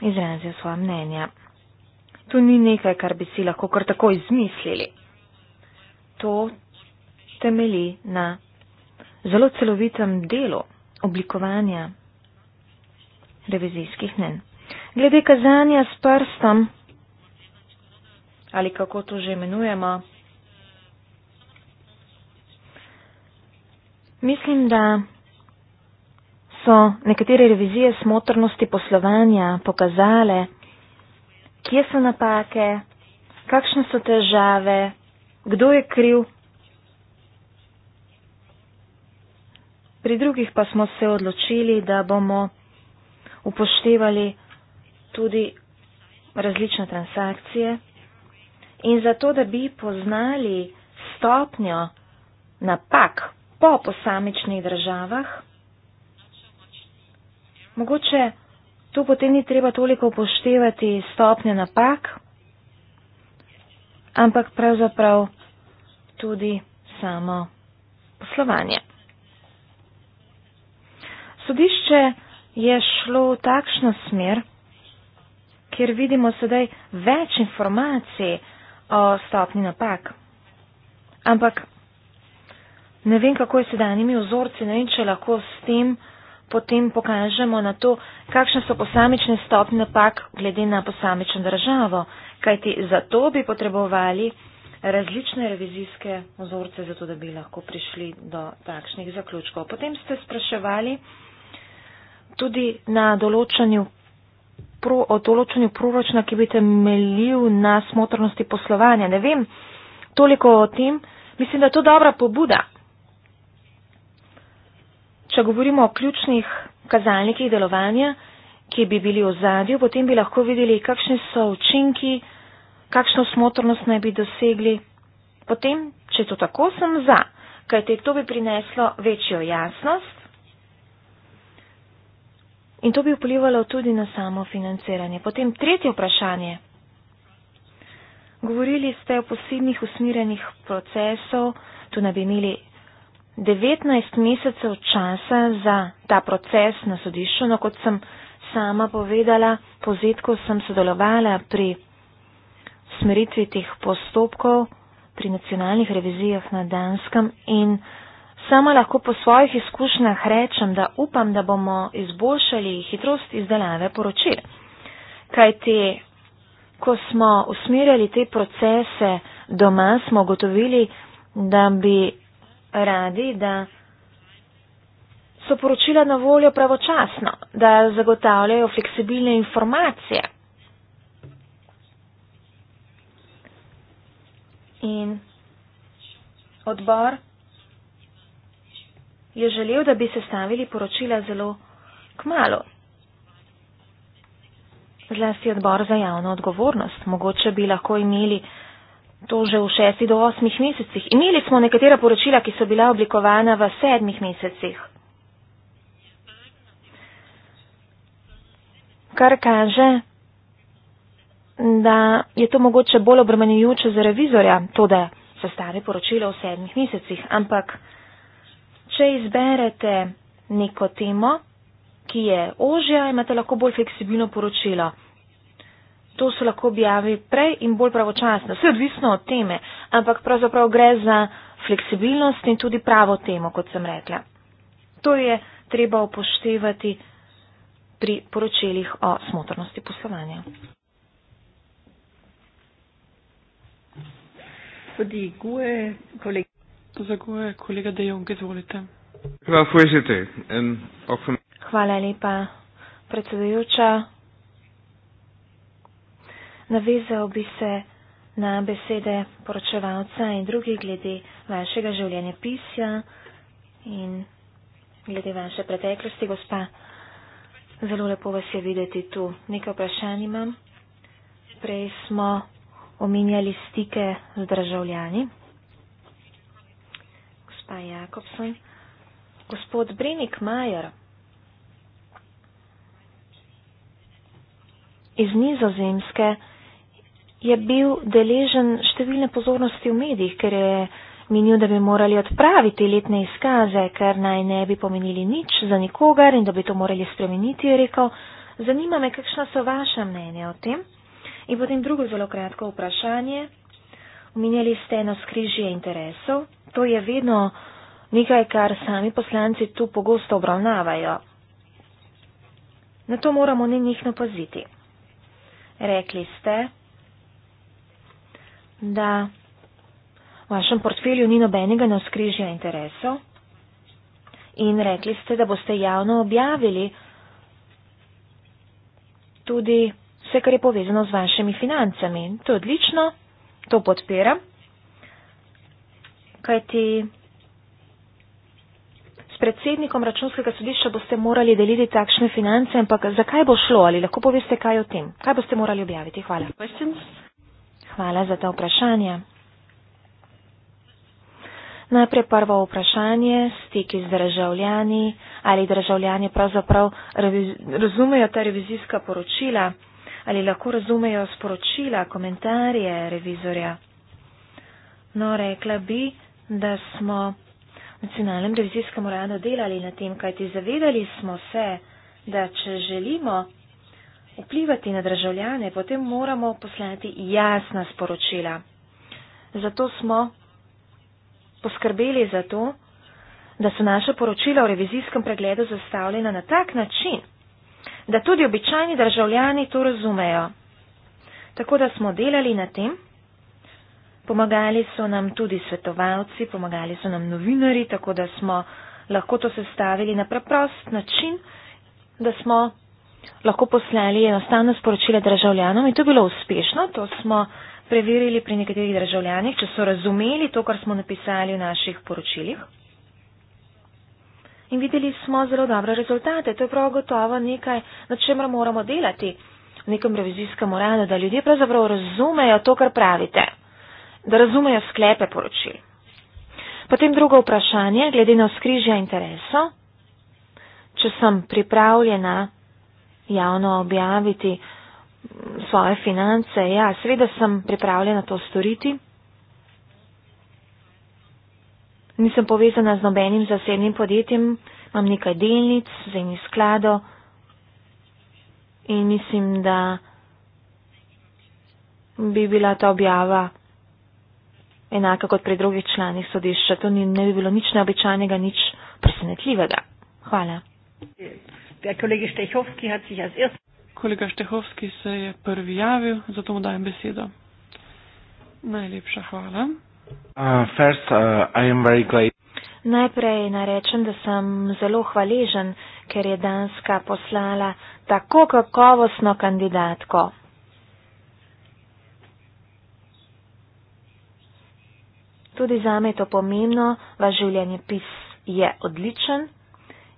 izrazijo svoje mnenja. To ni nekaj, kar bi si lahko kar tako izmislili. To temeli na zelo celovitem delu oblikovanja revizijskih mnen. Glede kazanja s prstom, ali kako to že imenujemo, mislim, da so nekatere revizije smotrnosti poslovanja pokazale, kje so napake, kakšne so težave, kdo je kriv. Pri drugih pa smo se odločili, da bomo upoštevali tudi različne transakcije in zato, da bi poznali stopnjo napak po posamičnih državah, mogoče Tu potem ni treba toliko upoštevati stopnje napak, ampak pravzaprav tudi samo poslovanje. Sodišče je šlo v takšno smer, kjer vidimo sedaj več informacij o stopni napak. Ampak ne vem, kako je sedanjimi vzorci, ne vem, če lahko s tem potem pokažemo na to, kakšne so posamične stopne napak glede na posamično državo, kajti za to bi potrebovali različne revizijske ozorce, zato da bi lahko prišli do takšnih zaključkov. Potem ste spraševali tudi na določanju, o določanju proračuna, ki bi temeljil na smotrnosti poslovanja. Ne vem, toliko o tem. Mislim, da je to dobra pobuda. Če govorimo o ključnih kazalnikih delovanja, ki bi bili v zadju, potem bi lahko videli, kakšni so učinki, kakšno smotrnost naj bi dosegli. Potem, če to tako, sem za, kajte to bi prineslo večjo jasnost in to bi vplivalo tudi na samo financiranje. Potem tretje vprašanje. Govorili ste o posebnih usmirjenih procesov, tu naj bi imeli 19 mesecev časa za ta proces na sodišču, no kot sem sama povedala, po zetku sem sodelovala pri smeritvi teh postopkov pri nacionalnih revizijah na Danskem in sama lahko po svojih izkušnjah rečem, da upam, da bomo izboljšali hitrost izdelave poročil. Kaj te, ko smo usmerjali te procese doma, smo ugotovili, da bi radi, da so poročila na voljo pravočasno, da zagotavljajo fleksibilne informacije. In odbor je želel, da bi sestavili poročila zelo kmalo. Zlasti odbor za javno odgovornost. Mogoče bi lahko imeli To že v šestih do osmih mesecih. Imeli smo nekatera poročila, ki so bila oblikovana v sedmih mesecih. Kar kaže, da je to mogoče bolj obremenjujoče za revizorja, to, da se stavi poročilo v sedmih mesecih. Ampak, če izberete neko temo, ki je ožja, imate lahko bolj fleksibilno poročilo to se lahko objavi prej in bolj pravočasno. Vse odvisno od teme, ampak pravzaprav gre za fleksibilnost in tudi pravo temo, kot sem rekla. To je treba upoštevati pri poročilih o smotrnosti poslovanja. Hvala lepa, predsedujoča navezal bi se na besede poročevalca in drugih glede vašega življenja pisja in glede vaše preteklosti, gospa. Zelo lepo vas je videti tu. Nekaj vprašanj imam. Prej smo omenjali stike z državljani. Gospa Jakobson. Gospod Brinik Majer iz nizozemske je bil deležen številne pozornosti v medijih, ker je menil, da bi morali odpraviti letne izkaze, ker naj ne bi pomenili nič za nikogar in da bi to morali spremeniti, je rekel. Zanima me, kakšna so vaša mnenja o tem? In potem drugo zelo kratko vprašanje. Omenjali ste eno skrižje interesov. To je vedno nekaj, kar sami poslanci tu pogosto obravnavajo. Na to moramo nenihno paziti. Rekli ste, da v vašem portfelju ni nobenega navskrižja interesov in rekli ste, da boste javno objavili tudi vse, kar je povezano z vašimi financami. To je odlično, to podpiram, kajti s predsednikom računskega sodišča boste morali deliti takšne finance, ampak zakaj bo šlo ali lahko poveste kaj o tem? Kaj boste morali objaviti? Hvala. Questions? Hvala za ta vprašanja. Najprej prvo vprašanje, stiki z državljani, ali državljani pravzaprav razumejo ta revizijska poročila, ali lahko razumejo sporočila, komentarje revizorja. No, rekla bi, da smo v nacionalnem revizijskem uradu delali na tem, kajti zavedali smo se, da če želimo vplivati na državljane, potem moramo poslati jasna sporočila. Zato smo poskrbeli za to, da so naša poročila o revizijskem pregledu zastavljena na tak način, da tudi običajni državljani to razumejo. Tako da smo delali na tem, pomagali so nam tudi svetovalci, pomagali so nam novinari, tako da smo lahko to sestavili na preprost način, da smo lahko poslali enostavno sporočilo državljanom in to je bilo uspešno. To smo preverili pri nekaterih državljanih, če so razumeli to, kar smo napisali v naših poročilih. In videli smo zelo dobre rezultate. To je prav gotovo nekaj, na čemer moramo delati v nekem revizijskem uradu, da ljudje pravzaprav razumejo to, kar pravite, da razumejo sklepe poročil. Potem drugo vprašanje, glede na skrižja interesa, če sem pripravljena javno objaviti svoje finance. Ja, seveda sem pripravljena to storiti. Nisem povezana z nobenim zasebnim podjetjem, imam nekaj delnic, zemlji sklado in mislim, da bi bila ta objava enaka kot pri drugih članih sodišča. To ni, ne bi bilo nič neobičajnega, nič presenetljivega. Hvala. Der Kollege Stechowski hat sich als erst Kolega Stehovski se je prvi javil, zato mu dajem besedo. Najlepša hvala. Uh, first, uh, Najprej narečem, da sem zelo hvaležen, ker je Danska poslala tako kakovostno kandidatko. Tudi za me je to pomembno, vaš življenjepis je odličen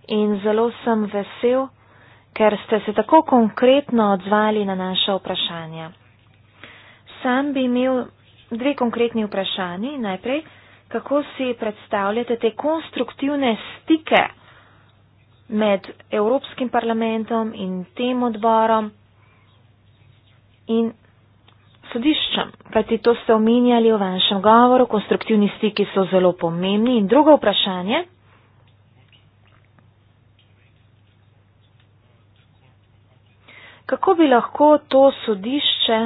in zelo sem vesel, ker ste se tako konkretno odzvali na naše vprašanja. Sam bi imel dve konkretni vprašanji. Najprej, kako si predstavljate te konstruktivne stike med Evropskim parlamentom in tem odborom in sodiščem, kajti to ste omenjali v vašem govoru, konstruktivni stiki so zelo pomembni. In drugo vprašanje. kako bi lahko to sodišče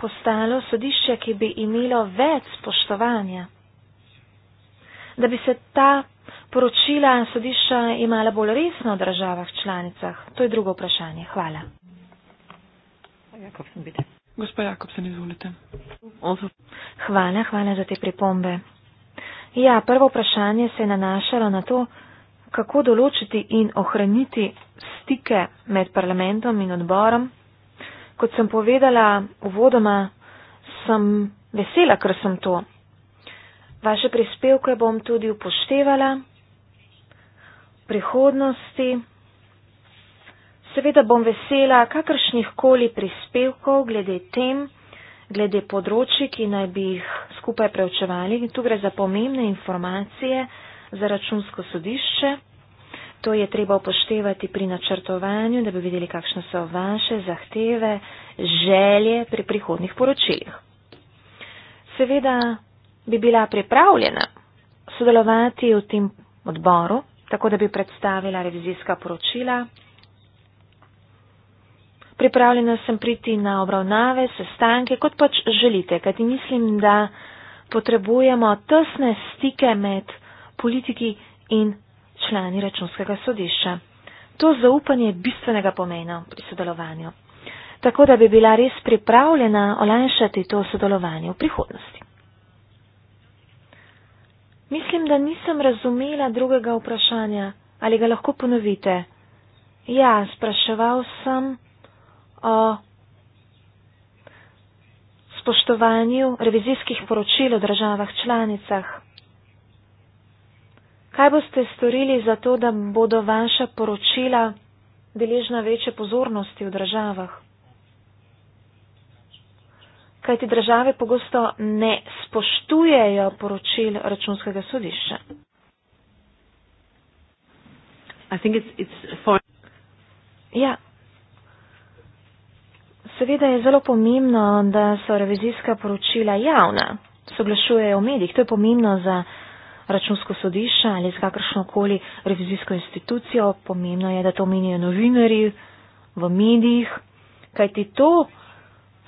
postalo sodišče, ki bi imelo več spoštovanja, da bi se ta poročila sodišča imala bolj resno v državah članicah. To je drugo vprašanje. Hvala. Gospod Jakobsen, izvolite. Hvala, hvala za te pripombe. Ja, prvo vprašanje se je nanašalo na to, kako določiti in ohraniti stike med parlamentom in odborom. Kot sem povedala uvodoma, sem vesela, ker sem to. Vaše prispevke bom tudi upoštevala v prihodnosti. Seveda bom vesela kakršnih koli prispevkov glede tem, glede področji, ki naj bi jih skupaj preučevali. Tu gre za pomembne informacije za računsko sodišče. To je treba upoštevati pri načrtovanju, da bi videli, kakšne so vaše zahteve, želje pri prihodnih poročilih. Seveda bi bila pripravljena sodelovati v tem odboru, tako da bi predstavila revizijska poročila. Pripravljena sem priti na obravnave, sestanke, kot pač želite, kajti mislim, da potrebujemo tesne stike med politiki in člani računskega sodišča. To zaupanje je bistvenega pomena pri sodelovanju. Tako da bi bila res pripravljena olajšati to sodelovanje v prihodnosti. Mislim, da nisem razumela drugega vprašanja. Ali ga lahko ponovite? Ja, spraševal sem o spoštovanju revizijskih poročil o državah članicah. Kaj boste storili za to, da bodo vaša poročila deležna večje pozornosti v državah? Kajti države pogosto ne spoštujejo poročil računskega sodišča. Ja. Seveda je zelo pomembno, da so revizijska poročila javna, soglašujejo v medijih. To je pomembno za računsko sodišče ali z kakršno koli revizijsko institucijo. Pomembno je, da to menijo novinari v medijih, kajti to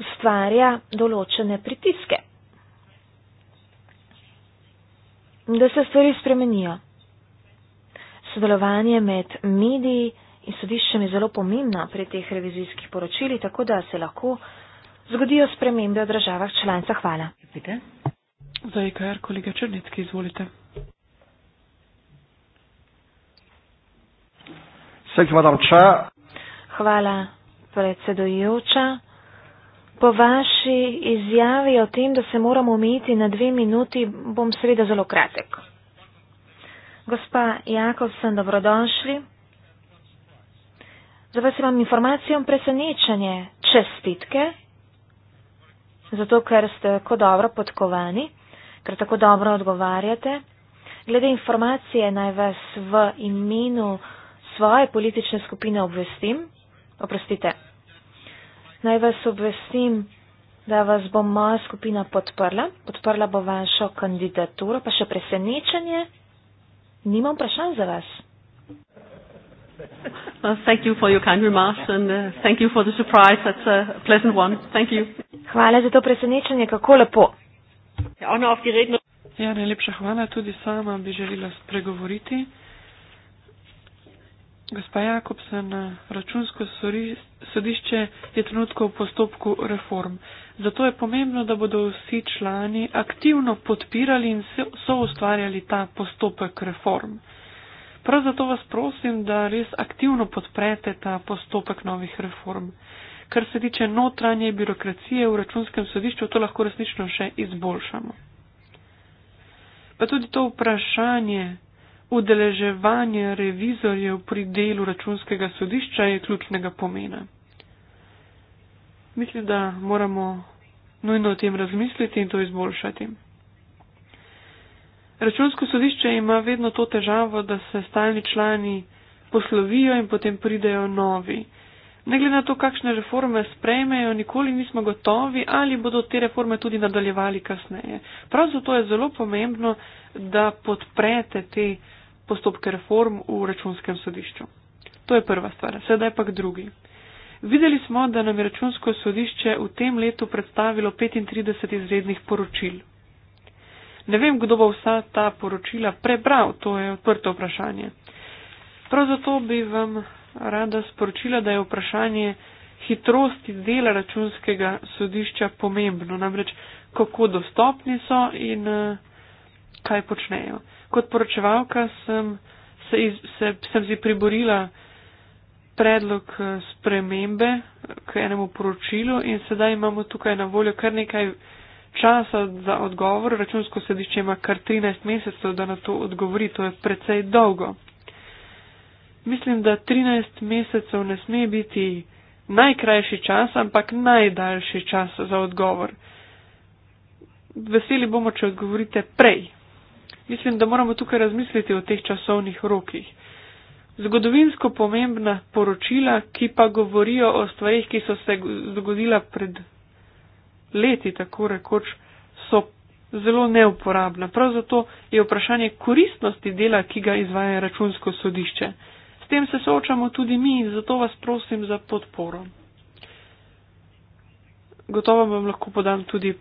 ustvarja določene pritiske. Da se stvari spremenijo. Sodelovanje med mediji in sodiščem je zelo pomembno pri teh revizijskih poročilih, tako da se lahko zgodijo spremembe v državah članicah. Hvala. Zdaj, kar kolega Črnitski, izvolite. Hvala, predsedujoča. Po vaši izjavi o tem, da se moramo umiti na dve minuti, bom seveda zelo kratek. Gospa Jakovsen, dobrodošli. Za vas imam informacijo o presenečanje čestitke, zato ker ste tako dobro podkovani, ker tako dobro odgovarjate. Glede informacije naj vas v imenu svoje politične skupine obvestim, oprostite, naj vas obvestim, da vas bo moja skupina podprla, podprla bo vašo kandidaturo, pa še presenečenje, nimam vprašanj za vas. Uh, hvala za to presenečenje, kako lepo. Ja, no, ja, najlepša hvala, tudi sama bi želela spregovoriti. Gospa Jakobsen, računsko sodišče je trenutko v postopku reform. Zato je pomembno, da bodo vsi člani aktivno podpirali in so ustvarjali ta postopek reform. Prav zato vas prosim, da res aktivno podprete ta postopek novih reform. Kar se tiče notranje birokracije v računskem sodišču, to lahko resnično še izboljšamo. Pa tudi to vprašanje Udeleževanje revizorjev pri delu računskega sodišča je ključnega pomena. Mislim, da moramo nujno o tem razmisliti in to izboljšati. Računsko sodišče ima vedno to težavo, da se stalni člani poslovijo in potem pridejo novi. Ne glede na to, kakšne reforme sprejmejo, nikoli nismo gotovi, ali bodo te reforme tudi nadaljevali kasneje. Prav zato je zelo pomembno, da podprete te reforme postopke reform v računskem sodišču. To je prva stvar, sedaj pa drugi. Videli smo, da nam je računsko sodišče v tem letu predstavilo 35 izrednih poročil. Ne vem, kdo bo vsa ta poročila prebral, to je odprto vprašanje. Prav zato bi vam rada sporočila, da je vprašanje hitrosti dela računskega sodišča pomembno, namreč kako dostopni so in eh, kaj počnejo kot poročevalka sem se, iz, se sem zdaj priborila predlog eh, spremembe k enemu poročilu in sedaj imamo tukaj na voljo kar nekaj časa za odgovor. Računsko sedišče ima kar 13 mesecev, da na to odgovori, to je precej dolgo. Mislim, da 13 mesecev ne sme biti najkrajši čas, ampak najdaljši čas za odgovor. Veseli bomo, če odgovorite prej mislim, da moramo tukaj razmisliti o teh časovnih rokih. Zgodovinsko pomembna poročila, ki pa govorijo o stvarih, ki so se zgodila pred leti, tako rekoč, so zelo neuporabna. Prav zato je vprašanje koristnosti dela, ki ga izvaja računsko sodišče. S tem se soočamo tudi mi in zato vas prosim za podporo. Gotovo vam lahko podam tudi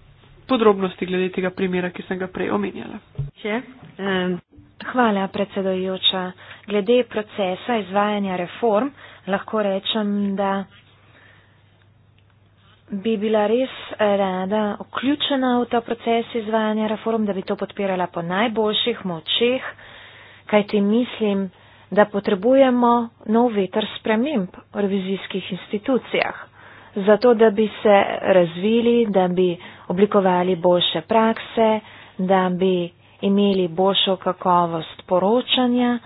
podrobnosti glede tega primera, ki sem ga prej omenjala. Hvala, predsedojoča. Glede procesa izvajanja reform lahko rečem, da bi bila res rada vključena v ta proces izvajanja reform, da bi to podpirala po najboljših močeh, kajti mislim, da potrebujemo nov veter sprememb v revizijskih institucijah zato da bi se razvili, da bi oblikovali boljše prakse, da bi imeli boljšo kakovost poročanja.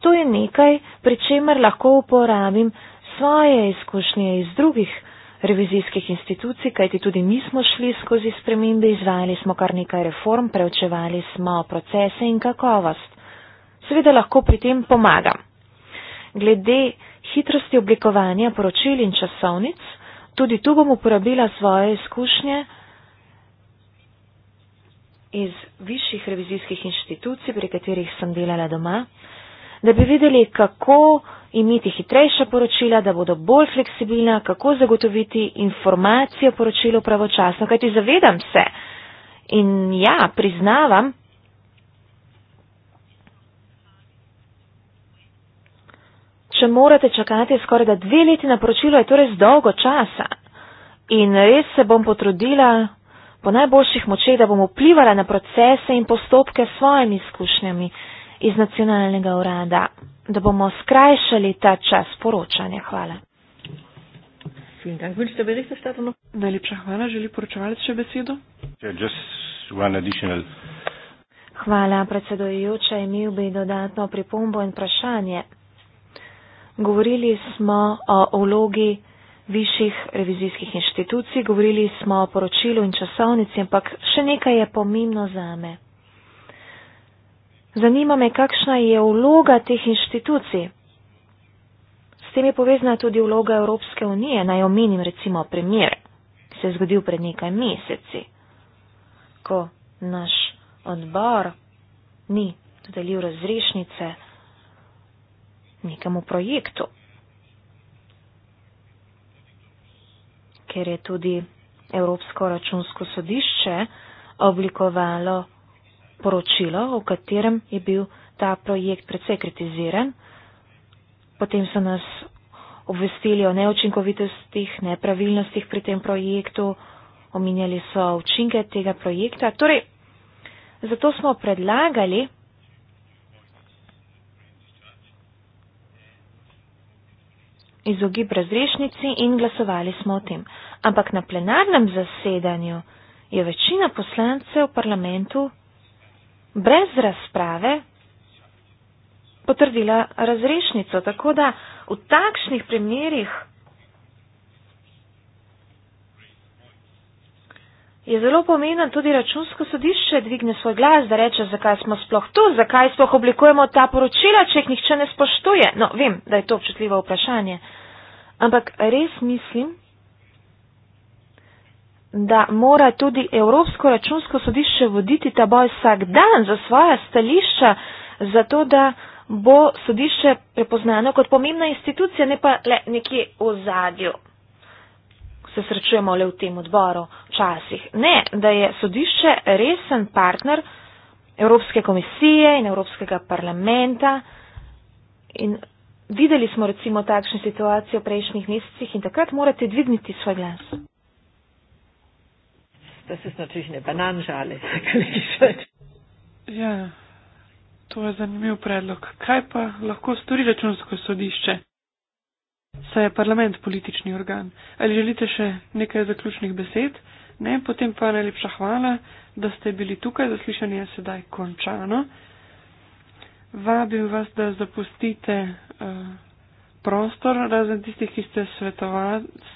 To je nekaj, pri čemer lahko uporabim svoje izkušnje iz drugih revizijskih institucij, kajti tudi mi smo šli skozi spremembe, izvajali smo kar nekaj reform, preučevali smo procese in kakovost. Seveda lahko pri tem pomagam. Glede hitrosti oblikovanja poročil in časovnic, tudi tu bom uporabila svoje izkušnje iz višjih revizijskih inštitucij, pri katerih sem delala doma, da bi videli, kako imeti hitrejša poročila, da bodo bolj fleksibilna, kako zagotoviti informacijo poročilu pravočasno, kajti zavedam se in ja, priznavam, Če morate čakati skoraj da dve leti na poročilo, je to res dolgo časa. In res se bom potrudila po najboljših močeh, da bom vplivala na procese in postopke s svojimi izkušnjami iz nacionalnega urada, da bomo skrajšali ta čas poročanja. Hvala. Najlepša hvala. Želi poročevalec še besedo? Ja, hvala, predsedojoče. Imel bi dodatno pripombo in vprašanje. Govorili smo o vlogi višjih revizijskih inštitucij, govorili smo o poročilu in časovnici, ampak še nekaj je pomembno za me. Zanima me, kakšna je vloga teh inštitucij. S tem je povezana tudi vloga Evropske unije. Naj omenim recimo primer, ki se je zgodil pred nekaj meseci, ko naš odbor ni dodelil razrešnice nekemu projektu. Ker je tudi Evropsko računsko sodišče oblikovalo poročilo, v katerem je bil ta projekt predvsej kritiziran, potem so nas obvestili o neočinkovitostih, nepravilnostih pri tem projektu, omenjali so učinke tega projekta. Torej, zato smo predlagali, izogib razrešnici in glasovali smo o tem. Ampak na plenarnem zasedanju je večina poslancev v parlamentu brez razprave potrdila razrešnico. Tako da v takšnih primerjih je zelo pomembno tudi računsko sodišče dvigne svoj glas, da reče, zakaj smo sploh tu, zakaj sploh oblikujemo ta poročila, če jih nihče ne spoštuje. No, vem, da je to občutljivo vprašanje. Ampak res mislim, da mora tudi Evropsko računsko sodišče voditi ta boj vsak dan za svoja stališča, zato da bo sodišče prepoznano kot pomembna institucija, ne pa le nekje v zadju, se srečujemo le v tem odboru včasih. Ne, da je sodišče resen partner Evropske komisije in Evropskega parlamenta. In videli smo recimo takšne situacije v prejšnjih mesecih in takrat morate dvigniti svoj glas. Ja, to je zanimiv predlog. Kaj pa lahko stori računsko sodišče? saj je parlament politični organ. Ali želite še nekaj zaključnih besed? Ne, potem pa najlepša hvala, da ste bili tukaj, zaslišanje je sedaj končano. Vabim vas, da zapustite uh, prostor, razen tistih, ki ste, svetovalc,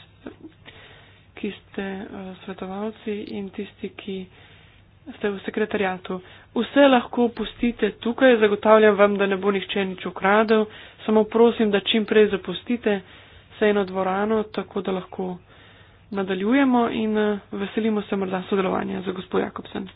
ki ste uh, svetovalci in tisti, ki ste v sekretarijatu. Vse lahko pustite tukaj, zagotavljam vam, da ne bo nihče nič ukradel, samo prosim, da čim prej zapustite sejno dvorano, tako da lahko nadaljujemo in eh, veselimo se morda sodelovanja za gospod Jakobsen.